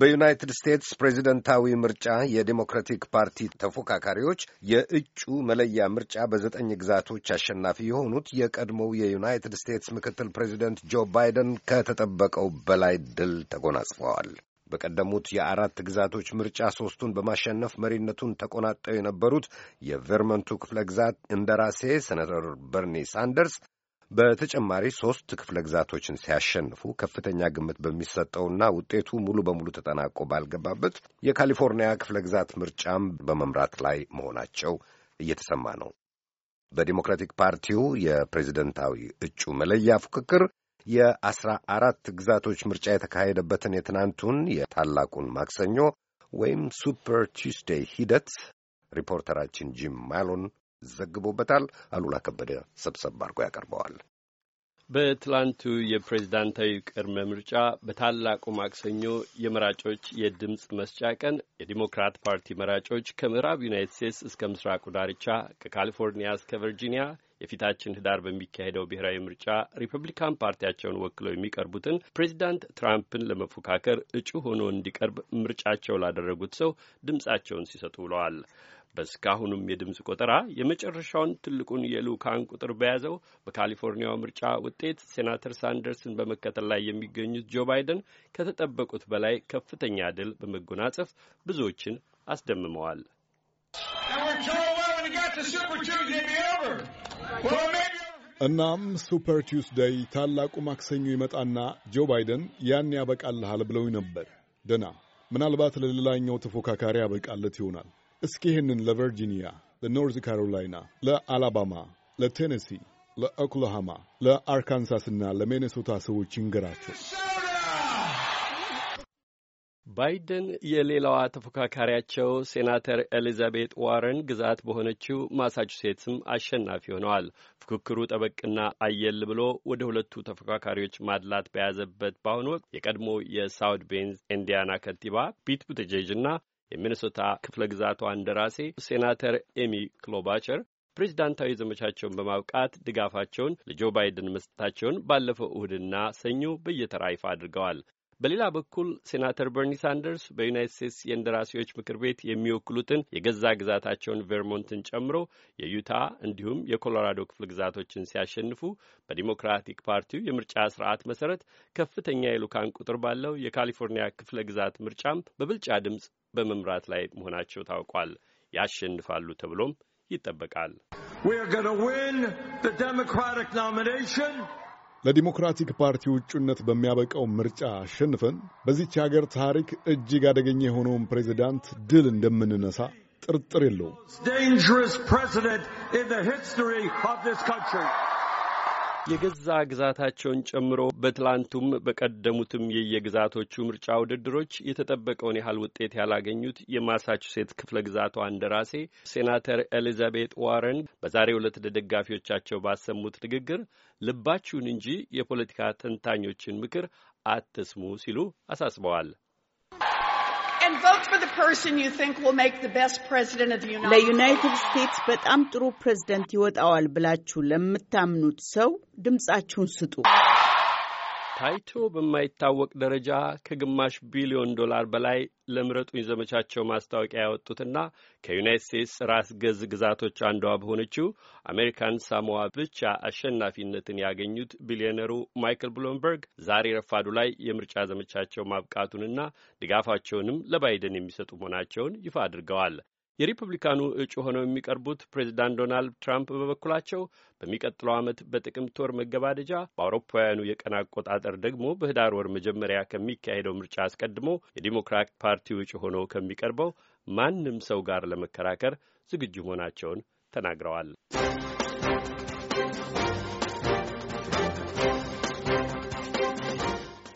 በዩናይትድ ስቴትስ ፕሬዚደንታዊ ምርጫ የዲሞክራቲክ ፓርቲ ተፎካካሪዎች የእጩ መለያ ምርጫ በዘጠኝ ግዛቶች አሸናፊ የሆኑት የቀድሞው የዩናይትድ ስቴትስ ምክትል ፕሬዚደንት ጆ ባይደን ከተጠበቀው በላይ ድል ተጎናጽፈዋል። በቀደሙት የአራት ግዛቶች ምርጫ ሶስቱን በማሸነፍ መሪነቱን ተቆናጠው የነበሩት የቨርመንቱ ክፍለ ግዛት እንደራሴ ሴናተር በርኒ ሳንደርስ በተጨማሪ ሶስት ክፍለ ግዛቶችን ሲያሸንፉ ከፍተኛ ግምት በሚሰጠውና ውጤቱ ሙሉ በሙሉ ተጠናቆ ባልገባበት የካሊፎርኒያ ክፍለ ግዛት ምርጫም በመምራት ላይ መሆናቸው እየተሰማ ነው። በዲሞክራቲክ ፓርቲው የፕሬዚደንታዊ እጩ መለያ ፉክክር የአስራ አራት ግዛቶች ምርጫ የተካሄደበትን የትናንቱን የታላቁን ማክሰኞ ወይም ሱፐር ቱስዴይ ሂደት ሪፖርተራችን ጂም ማሎን ዘግቦበታል። አሉላ ከበደ ሰብሰብ አድርጎ ያቀርበዋል። በትላንቱ የፕሬዝዳንታዊ ቅድመ ምርጫ በታላቁ ማክሰኞ የመራጮች የድምፅ መስጫ ቀን የዲሞክራት ፓርቲ መራጮች ከምዕራብ ዩናይት ስቴትስ እስከ ምስራቁ ዳርቻ ከካሊፎርኒያ እስከ ቨርጂኒያ የፊታችን ህዳር በሚካሄደው ብሔራዊ ምርጫ ሪፐብሊካን ፓርቲያቸውን ወክለው የሚቀርቡትን ፕሬዚዳንት ትራምፕን ለመፎካከር እጩ ሆኖ እንዲቀርብ ምርጫቸው ላደረጉት ሰው ድምፃቸውን ሲሰጡ ውለዋል። በእስካሁኑም የድምፅ ቆጠራ የመጨረሻውን ትልቁን የልዑካን ቁጥር በያዘው በካሊፎርኒያው ምርጫ ውጤት ሴናተር ሳንደርስን በመከተል ላይ የሚገኙት ጆ ባይደን ከተጠበቁት በላይ ከፍተኛ ድል በመጎናጸፍ ብዙዎችን አስደምመዋል። እናም ሱፐር ቲውስደይ ታላቁ ማክሰኞ ይመጣና ጆ ባይደን ያን ያበቃልሃል ብለው ነበር። ደና ምናልባት ለሌላኛው ተፎካካሪ ያበቃለት ይሆናል። እስኪ ይህንን ለቨርጂኒያ፣ ለኖርዝ ካሮላይና፣ ለአላባማ፣ ለቴነሲ፣ ለኦክላሃማ፣ ለአርካንሳስና ለሜኔሶታ ሰዎች ይንገራቸው። ባይደን የሌላዋ ተፎካካሪያቸው ሴናተር ኤሊዛቤት ዋረን ግዛት በሆነችው ማሳቹሴትስም አሸናፊ ሆነዋል። ፉክክሩ ጠበቅና አየል ብሎ ወደ ሁለቱ ተፎካካሪዎች ማድላት በያዘበት በአሁኑ ወቅት የቀድሞ የሳውት ቤንዝ ኢንዲያና ከንቲባ ፒት ቡቴጄጅ እና የሚኒሶታ ክፍለ ግዛቷ እንደራሴ ሴናተር ኤሚ ክሎባቸር ፕሬዚዳንታዊ ዘመቻቸውን በማብቃት ድጋፋቸውን ለጆ ባይደን መስጠታቸውን ባለፈው እሁድና ሰኞ በየተራ ይፋ አድርገዋል። በሌላ በኩል ሴናተር በርኒ ሳንደርስ በዩናይት ስቴትስ የእንደራሴዎች ምክር ቤት የሚወክሉትን የገዛ ግዛታቸውን ቬርሞንትን ጨምሮ የዩታ እንዲሁም የኮሎራዶ ክፍለ ግዛቶችን ሲያሸንፉ በዲሞክራቲክ ፓርቲው የምርጫ ስርዓት መሰረት ከፍተኛ የልዑካን ቁጥር ባለው የካሊፎርኒያ ክፍለ ግዛት ምርጫም በብልጫ ድምፅ በመምራት ላይ መሆናቸው ታውቋል። ያሸንፋሉ ተብሎም ይጠበቃል። ለዲሞክራቲክ ፓርቲ እጩነት በሚያበቃው ምርጫ አሸንፈን በዚች ሀገር ታሪክ እጅግ አደገኛ የሆነውን ፕሬዚዳንት ድል እንደምንነሳ ጥርጥር የለውም። የገዛ ግዛታቸውን ጨምሮ በትላንቱም በቀደሙትም የየግዛቶቹ ምርጫ ውድድሮች የተጠበቀውን ያህል ውጤት ያላገኙት የማሳቹሴት ክፍለ ግዛቷ እንደራሴ ሴናተር ኤሊዛቤት ዋረን በዛሬ ዕለት ለደጋፊዎቻቸው ባሰሙት ንግግር ልባችሁን እንጂ የፖለቲካ ተንታኞችን ምክር አትስሙ ሲሉ አሳስበዋል። and vote for the person you think will make the best president of the United States. ለዩናይትድ ስቴትስ በጣም ጥሩ ፕሬዝደንት ይወጣዋል ብላችሁ ለምታምኑት ሰው ድምጻችሁን ስጡ። ታይቶ በማይታወቅ ደረጃ ከግማሽ ቢሊዮን ዶላር በላይ ለምረጡኝ ዘመቻቸው ማስታወቂያ ያወጡትና ከዩናይት ስቴትስ ራስ ገዝ ግዛቶች አንዷ በሆነችው አሜሪካን ሳሞዋ ብቻ አሸናፊነትን ያገኙት ቢሊዮነሩ ማይክል ብሎምበርግ ዛሬ ረፋዱ ላይ የምርጫ ዘመቻቸው ማብቃቱንና ድጋፋቸውንም ለባይደን የሚሰጡ መሆናቸውን ይፋ አድርገዋል። የሪፐብሊካኑ እጩ ሆነው የሚቀርቡት ፕሬዚዳንት ዶናልድ ትራምፕ በበኩላቸው በሚቀጥለው ዓመት በጥቅምት ወር መገባደጃ በአውሮፓውያኑ የቀን አቆጣጠር ደግሞ በህዳር ወር መጀመሪያ ከሚካሄደው ምርጫ አስቀድሞ የዲሞክራት ፓርቲ እጩ ሆነው ከሚቀርበው ማንም ሰው ጋር ለመከራከር ዝግጁ መሆናቸውን ተናግረዋል።